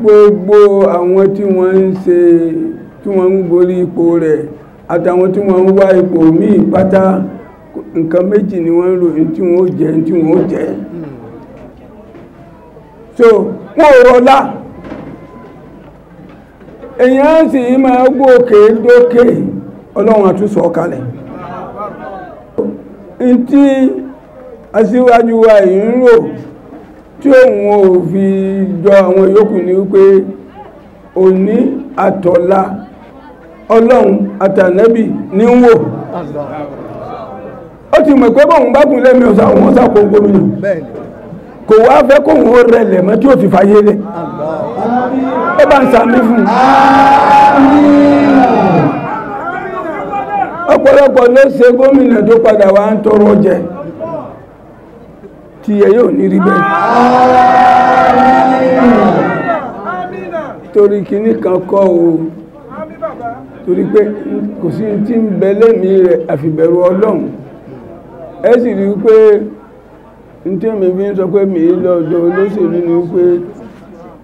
gbogbo àwọn tí wọ́n ń ṣe tí wọ́n ń gorí ipò rẹ̀ àtàwọn tí wọ́n ń wá ipò míì pátá nǹkan méjì ni wọ́n ń ròyìn tí wọ́n ó jẹ́ tí wọ́n ó jẹ́ so wọ́n ò rọlá èyàn sì máa gbóòkè dókè ọlọ́run àtúnṣọ kalẹ̀ ntí aṣíwájú wa yìí ń rò tí òun ò fi jọ àwọn yòókù ní wípé òní àtọ̀la ọlọ́run àtànẹ́bì ní ń wò ó ti mọ̀ pé bóun bá gùn lẹ́mí ọ̀sán àwọn ọ̀sán kò gómìnà kò wá fẹ́ kóun ó rẹlẹ̀ mọ́ tí ó fi fàyè lẹ̀ ó bá ń sàmì fún un ọ̀pọ̀lọpọ̀ ló ṣe gómìnà tó padà wá ń tọrọ jẹ tí ẹ yóò ní rí bẹ́ẹ̀. torí kinní kan kọ́ o torí pé kò sí tí ń bẹ lẹ́mìí rẹ̀ àfìbẹ̀rù ọlọ́run ẹ sì rí pé n tí èmi fi ń sọ pé mi lọ ọ̀dọ̀ olóṣèlú ni pé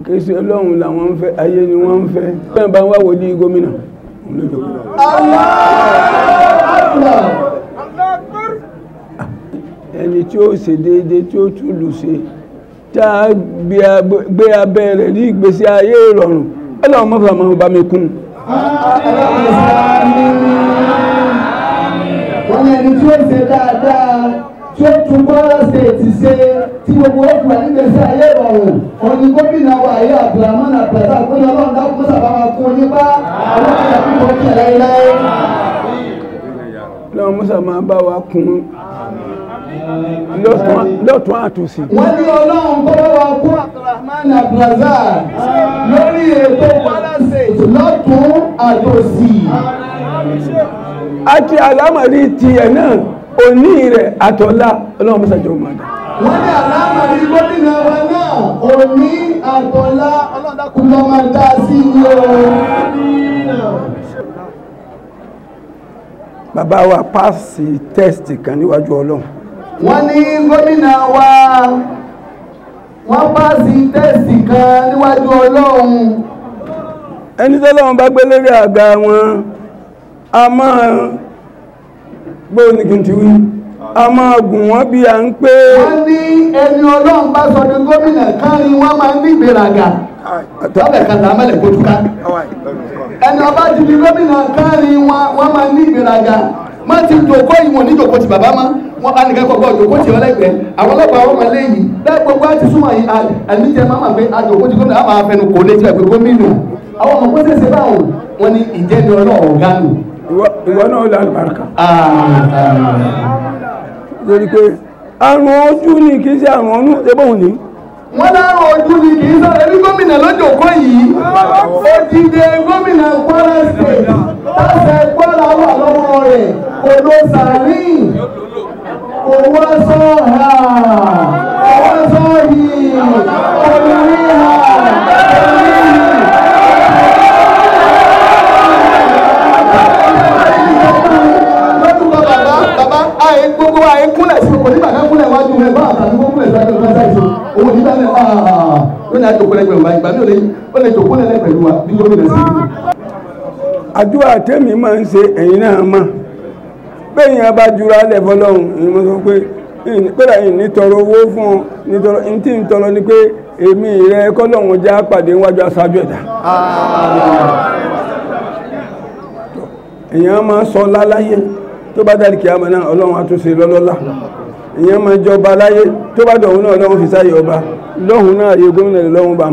kìí ṣe ọlọ́run làwọn ń fẹ́ ayé ni wọ́n ń fẹ́ bẹ́ẹ̀ bá ń wá wòlíì gómìnà. Allah! Allah! ẹni tí ó ṣe déédéé tí ó túlù ṣe tá a gbé abẹ́ rẹ̀ ní ìgbésí ayé ìrọ̀rùn ọlọ́run mọ́fà máa bá mi kún. wọ́n ẹni tí ó ṣe dáadáa tí ó tún Kwara State ṣe tí gbogbo òkú wà nígbèsí ayé ìrọ̀rùn òní gómìnà wa ayé Abdulrahman Abdulrahman àgbẹ̀lẹ̀ ọlọ́run dákúmọ́ sábà máa kún onípa àwọn ọmọ ìyàwó kọ̀ọ̀kì láéláé. ọlọ́run mọ́sà máa bá wa kún lọ́tún àtòsí. wọ́n ní ọlọ́run bọ́wọ́ wa kó abdulrahman abdulrazak lórí ètò palisades lọ́tún àtòsí. àti àlámọ̀rí tiẹ̀ náà òní rẹ̀ àtọ̀lá ọlọ́run mọ́sàjọ́ máa dà. wọ́n ní àlámọ̀rí gómìnà wa náà òní àtọ̀lá ọlọ́dàkùn lọ́ máa dá sí i o. bàbá wa páàsì tẹ́sítì kan níwájú ọlọ́run. wọ́n ní gómìnà wa wọ́n pàṣẹ tẹ́sì kan níwájú ẹni bá gbé àga wọn a máa gbóòníkì ti a máa gùn wọn bí a ń pé wọ́n ní ẹni ọlọ́run bá sọ gómìnà káàrin wọ́n máa ń ní ìgbéraga lọ́bẹ̀ kàtà mẹ́lẹ̀ ẹni ọba ti gómìnà wọn máa ń ní ìgbéraga má ti jòkó ìwọ̀n ní ti bàbá máa wọn bá nìkan kọ̀ọ̀kan òjòkó tiẹ̀ ọlẹ́gbẹ̀ẹ́ àwọn ọlọ́pàá wọn máa gbogbo àti súnmọ́ yìí àmì jẹ́ máa pé àjòkó ti gómìnà àwọn afẹnu kò lè jẹ́ pé gómìnà àwọn ọmọ wọn ni ìjẹ́ni ọlọ́run gánù. ìwọ náà ó lórí pé àrùn ojú ni kì í ṣe àrùn ọ̀nù ẹgbẹ́ òun ni ojú ni kì í ẹbí gómìnà owó sọ́ra owó sọ́yì oníhà oníhì. gbogbo àyè kúnlẹ̀ sí òní bàbá kúnlẹ̀ wájú rẹ̀ bá àtàkùn kúnlẹ̀ sí àjọyọ̀ lọ́sà ìṣó òun ní bàbá ẹ̀ ló ní àjòkó lẹ́gbẹ̀rún báyìí gbàmí ò lè jòkó lẹ́gbẹ̀rún wa nítorí rẹ̀ sí. àdúrà tẹ́mi máa ń ṣe ẹ̀yin náà máa. bẹ́ẹ̀ a bá jura lẹ̀ fọlọ́hún èyí mo sọ pé kódà yìí nítorọ owó fún ọ nítorọ ní tí ire ni pé èmi rẹ já pàdé níwájú aṣáájú ẹ̀dá. èèyàn máa sọ láláyé tó bá dàrí kìámà ọlọ́run àtúnṣe lọ́lọ́lá èèyàn máa jọba láyé tó bá dọ̀hún náà ọlọ́run fi sáyé ọba lọ́hùn náà ayé gómìnà lọ́hùn bá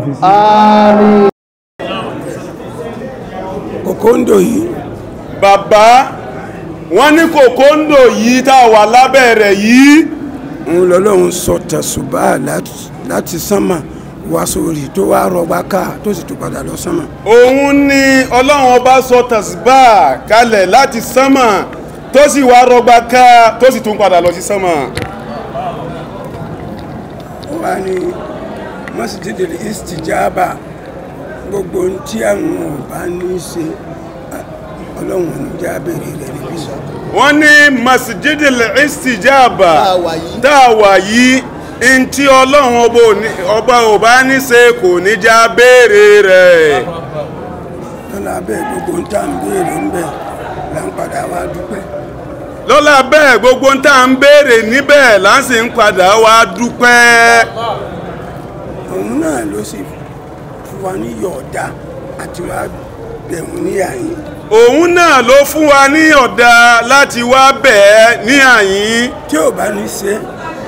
wọ́n ní kòkóńdò yìí tá a wà lábẹ́ rẹ̀ yìí. òun lọ́lọ́run sọ tẹ̀sùbá láti sánmà wá sórí tó wá rọgbà ká tó sì tún padà lọ sánmà. òun ni ọlọ́run ọba sọ tẹ̀sùbá kalẹ̀ láti sánmà tó sì wá rọgbà ká tó sì tún padà lọ sí sánmà. ó wà ní masjidil istijaba gbogbo ohun tí àwọn ọba ní í ṣe. ọlọ́run ìjà béèrè rẹ̀ níbi wọ́n ní masjidil istijaba tá a yìí n tí ọlọ́run ọba ò bá ní ṣe kò ní já rẹ̀. lọ́la bẹ́ẹ̀ gbogbo ń tà ń béèrè ń bẹ̀ là ń padà wá dúpẹ́. lọ́la bẹ́ẹ̀ gbogbo ń tà ń béèrè níbẹ̀ là ń sì ń padà wá dúpẹ́. òun náà ló sì fún wa ní yọ̀ọ̀dá àti wàá bẹ̀rù níyà yìí. òun náà ló fún wa ní ọ̀dà láti wá bẹ̀ẹ́ ní àyín. tí ò bá ní ṣe.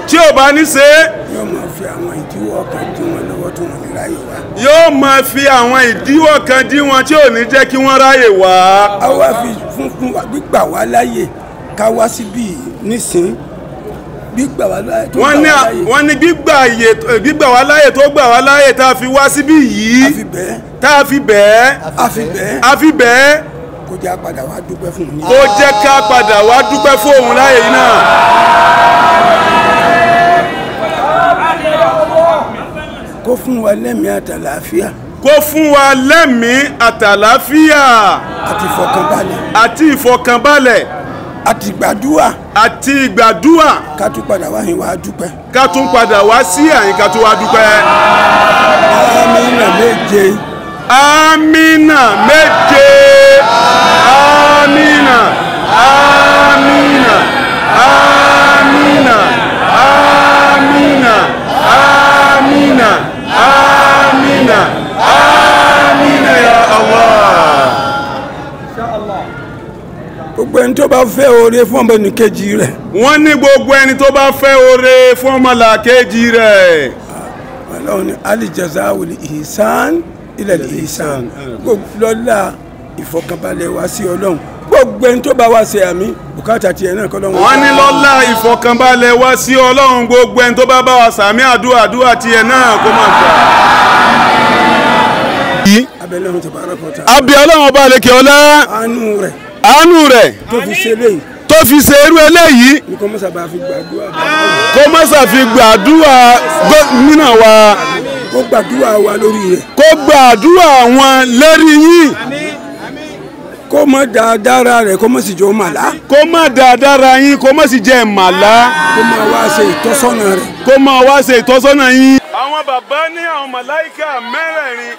tí ò bá ní ṣe. yóò máa fi àwọn ìdíwọ́ kan dí wọn lọ́wọ́ tó wọn ní ráyè wá. yóò máa fi àwọn ìdíwọ́ kan dí wọn tí ò ní jẹ́ kí wọ́n ráyè wá. a wá fi fúnfún gbígbà wá láyè ká wá síbí nísìn gbígbà wá láyè tó gbà wá láyè. wọ́n ní gbígbà wá láyè tó gbà wá láyè tá a fi wá síbí yìí. a fi bẹ́ẹ̀. tá a fi bẹ́ẹ̀. a fi bẹ́ẹ̀. a fi bẹ́ẹ̀ kó jẹ́ ká padà wá dúpẹ́ fún òun. kó jẹ́ ká padà wá dúpẹ́ fún òun láyé yìí náà. kó fún wa lẹ́mìí àtàlàáfíà. kó fún wa lẹ́mìí àtàlàáfíà. àti ìfọkànbalẹ̀. àti ìfọkànbalẹ̀. àti ìgbàdúrà. àti ìgbàdúrà. ká tún padà wá yín wá dúpẹ́. ká tún padà wá sí àyín ká tún wá dúpẹ́. àmín méje. àmín méje. Amina, Amina, Amina, Amina, Amina, Amina ya Allah. Gbogbo ẹni tó bá fẹ́ oore fún ọmọ ẹnìkejì rẹ̀. Wọ́n ní gbogbo ẹni tó bá fẹ́ oore fún ọmọ làkejì rẹ̀. Ọlọ́run ni alijazawul ihsan ilal ihsan. Gbogbo lọ́la ìfọkànbalẹ̀ wá sí Ọlọ́run gbogbo ẹni tó bá wá ṣe àmì bùkátà tiẹ̀ náà kọ́ lọ́wọ́. wọ́n ní lọ́lá ìfọ̀kànbalẹ̀ wá sí ọlọ́run gbogbo ẹni tó bá bá wa sàmì àdúrà àdúrà tiẹ̀ náà kó máa gbà. abẹ́ ọlọ́run ọba àlekè ọlá àánú rẹ̀ tó fi ṣe léyìí tó fi ṣe irú eléyìí kó mọ́sà fi gbàdúrà gómìnà wa kó gbàdúrà wa lórí rẹ̀ kó gbàdúrà wọn lórí yín kó mọ̀ dáadára rẹ̀ kó mọ̀ sì jẹ́ màlá. kó mọ̀ dáadára yín kó mọ̀ sì jẹ́ màlá. kó mọ̀ wá ṣe ìtọ́sọ́nà rẹ̀. kó mọ̀ wá ṣe ìtọ́sọ́nà yín. àwọn bàbá ní àwọn màláìka mẹ́rẹ̀ẹ̀rin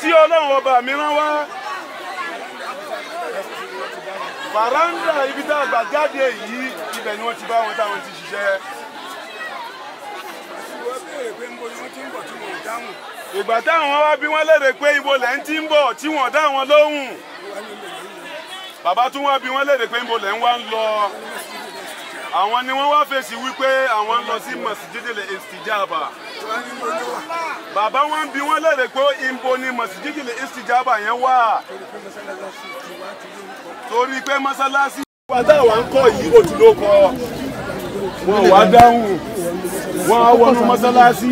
tí ọlọ́run ọba mi rán wá fàráńdà ibi tá a gbà jáde yìí ibẹ̀ ni wọ́n ti bá wọn táwọn ti ṣiṣẹ́. ìgbà táwọn wá bí wọ́n léde pé ibo lẹ́ ń ti ń bọ̀ tí wọ́n dá wọn lóhùn bàbá tún wá bí wọ́n léde pé níbo lẹ̀ ń wá ń lọ àwọn ni wọ́n wá fèsì wípé àwọn ń lọ sí mọ̀síjídìlẹ̀ ìsìjáàbà bàbá wọn bí wọ́n léde pé ìbo ni mọ̀síjídìlẹ̀ ìsìjáàbà yẹn wà torí pé mọ́sálásí. bàtà wa ń kọ́ yìí òtún ló kọ́ wọn wá dáhùn wọn á wọnú mọ́sálásí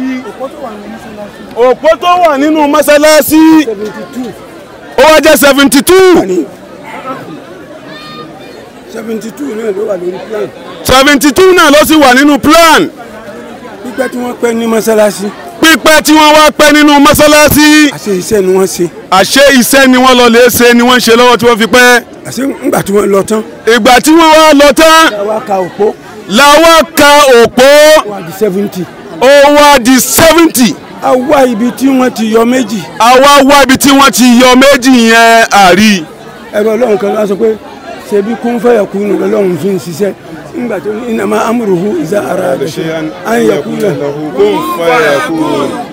òpó tó wà nínú mọ́sálásí ó wá jẹ́ seventy two seventy two náà ló wà lórí plan. seventy two náà ló sì wà nínú plan. pípẹ́ tí wọ́n pẹ́ ní mọ́sálásí. pípẹ́ tí wọ́n wá pẹ́ nínú mọ́sálásí. àṣé iṣẹ́ ni wọ́n ṣe. àṣé iṣẹ́ ni wọ́n lọ lè ṣe ni wọ́n ń ṣe lọ́wọ́ tí wọ́n fi pẹ́. àṣé ìgbà tí wọ́n lọ tán. ìgbà tí wọ́n wá lọ tán. làwa ka òpó. làwa ka òpó. ó wá di seventy. ó wá di seventy a wá ibi tí wọ́n ti yọ méjì. a wá wá ibi tí wọ́n ti yọ méjì yẹn àrí. ẹ̀rọ ṣebí kún fẹ́yà kún ní lọ́lọ́run fi ń ṣiṣẹ́ nígbà tó ní iná máa amúrùhù ìzá ara àgbẹ̀ṣe à ń yẹ kún náà.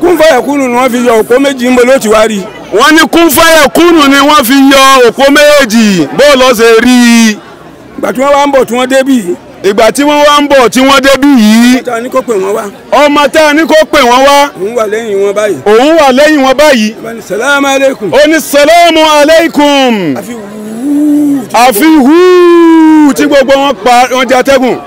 kún fẹ́yà kún ní wọ́n fi yọ òpó méjì ń bọ̀ ló ti wá rí. wọ́n ní kún fẹ́yà kún ní wọ́n fi yọ òpó méjì bó lọ ṣe rí i. ìgbà tí wọ́n wá ń bọ̀ tí wọ́n débì yìí. ìgbà tí wọ́n wá ń bọ̀ tí wọ́n débì yìí. ọmọ tá a ní kó pè wọ́n wá. ọmọ tá a ní kó pè wọ́n wá. òun wà lẹ́yìn wọn báyìí. òun wà lẹ́yìn wọn báyìí. ó àfi wúù tí gbogbo wọn pa wọn jẹ atẹ́gùn.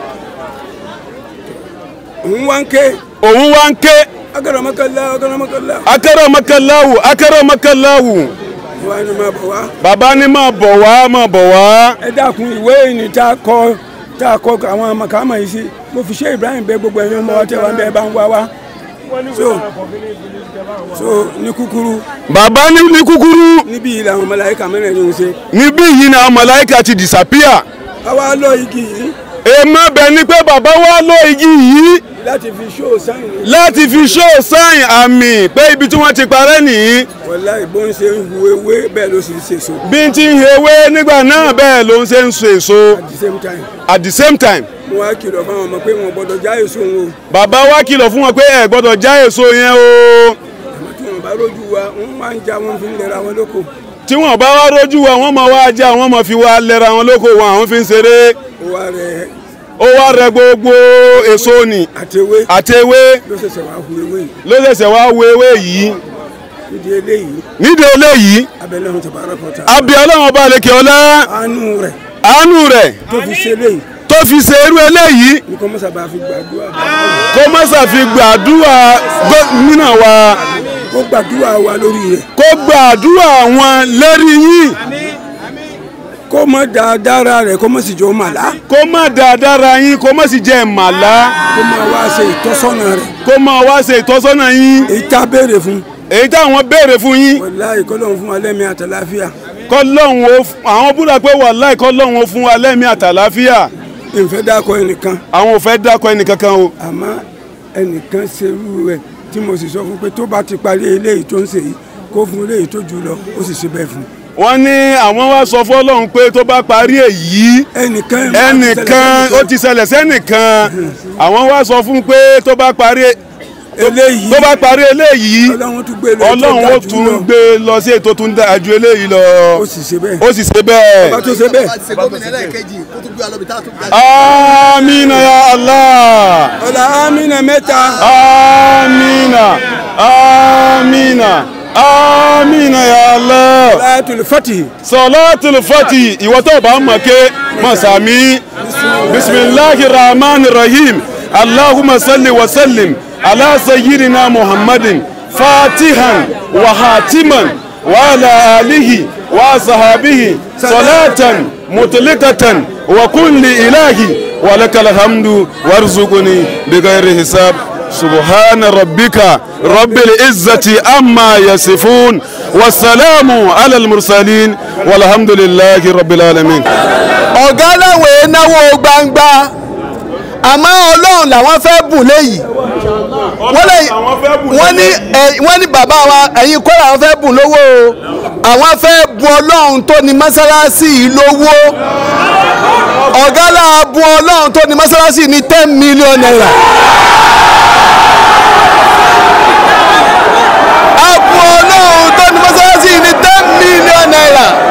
òun wá ń ké. òun wá ń ké. akérèmọkànláwù akérèmọkànláwù. akérèmọkànláwù bàbá ni máa bọ̀ wá máa bọ̀ wá. ẹ ìwé ìní tá a kọ tá a kọ àwọn yìí sí mo fi ṣe Ibrahim bẹ gbogbo ẹ̀yin ọmọ wa tẹ bẹ bá ń wá wá. so so ní kúkúrú. bàbá ní ní kúkúrú. níbí yìí làwọn màláíkà mẹ́rẹ̀ẹ̀rin ń ṣe. níbí yìí ni àwọn màláíkà ti disappear. a wá lọ igi yìí. èèmọ̀ bẹ̀ ni pé bàbá wa lọ igi yìí láti fi ṣó sáyìn. láti fi ṣó sáyìn àmì pé ibi tí wọ́n ti parẹ́ nìyí. wọ́lá ìbọn ṣe ń hu ewé bẹ́ẹ̀ ló sì ń ṣèso. bí n ti ń hu nígbà náà hmm. bẹ́ẹ̀ ló ń ṣe ń ṣèso. at the same time. at the same time. mo wá kìlọ̀ fún àwọn ọmọ pé wọn gbọ́dọ̀ já èso wọn o. bàbá wa kìlọ̀ fún wọn pé ẹ gbọ́dọ̀ já èso yẹn o. àmọ́ tí wọ́n bá rójú wa wọ́n máa ń já wọn fi ń lẹ́ra wọn lóko. tí wọ́n bá wá rójú wa wọ́n máa wá já wọ́n máa fi wá lẹ́ra wọn lóko wọn àwọn fi ń ṣeré ó wá rẹ gbogbo èso ni àtewé ló ṣẹ̀ṣẹ̀ wá hu ewé yìí nídìí eléyìí abẹ ọlọ́run ọba lèkè ọlá àánú rẹ̀ tó fi ṣe irú eléyìí kó mọ́sà fi gbàdúrà gómìnà wa kó gbàdúrà wọn lérí yín mọ̀ da dára rẹ̀ kó mọ̀ sì jọ màlá. kó mọ̀ da dára yín kó mọ̀ sì jẹ́ màlá. kó máa wá ṣe ìtọ́sọ́nà rẹ̀. kó máa wá ṣe ìtọ́sọ́nà yín. èyí tá a béèrè fún. èyí táwọn béèrè fún yín. wàláì kọ́lọ́hún fún alẹ́mí àtàláfíà. kọ́lọ́hún o àwọn búra pé wàláì kọ́lọ́hún o fún alẹ́mí àtàláfíà. n fẹ́ dákọ ẹnìkan. àwọn ò fẹ́ dákọ ẹnìkan kan o. àmọ́ ẹnìkan ṣerú rẹ̀ tí mo sì sọ fún pé tó bá ti parí eléyìí tó ń ṣe yìí kó fún eléyìí tó jù lọ ó sì ṣe bẹ́ẹ̀ fún un wọ́n ní àwọn wá sọ fún ọlọ́run pé tó bá parí èyí ẹnìkan ó ti ṣẹlẹ̀ sẹ́nìkan hmm. àwọn wá sọ fún pé tó bá parí e-, eléyìí tó bá parí eléyìí ọlọ́run ó tún gbé lọ sí ètò tó ń da ju eléyìí lọ ó sì ṣe bẹ́ẹ̀ ó sì ṣe amina ya Allah. ọ̀la amina mẹ́ta. amina amina. amina. amina ya Allah salatul fati salatul fatih iwato ba ma masami bismillahir rahim allahumma salli wa sallim ala sayyidina muhammadin fatihan wa hatiman wa ala alihi wa sahabihi salatan mutlikatan wa kulli ilahi wa lakal hamdu warzuqni bighairi hisab سبحان ربك رب العزة أما يصفون والسلام على المرسلين والحمد لله رب العالمين. ọ̀gá láwọn èèyàn gbangba àmọ́ ọlọ́run làwọn fẹ́ bùn léyìí wọ́n ní bàbá wa ẹ̀yin kọ́ làwọn fẹ́ bùn lówó àwọn fẹ́ bùn ọlọ́run tó ní mọ́sálásí yìí lówó ọ̀gá làbọ̀ ọlọ́run tó ní mọ́sálásí ní ten million naira. àbọ̀ ọlọ́run tó ní mọ́sálásí ní ten million naira.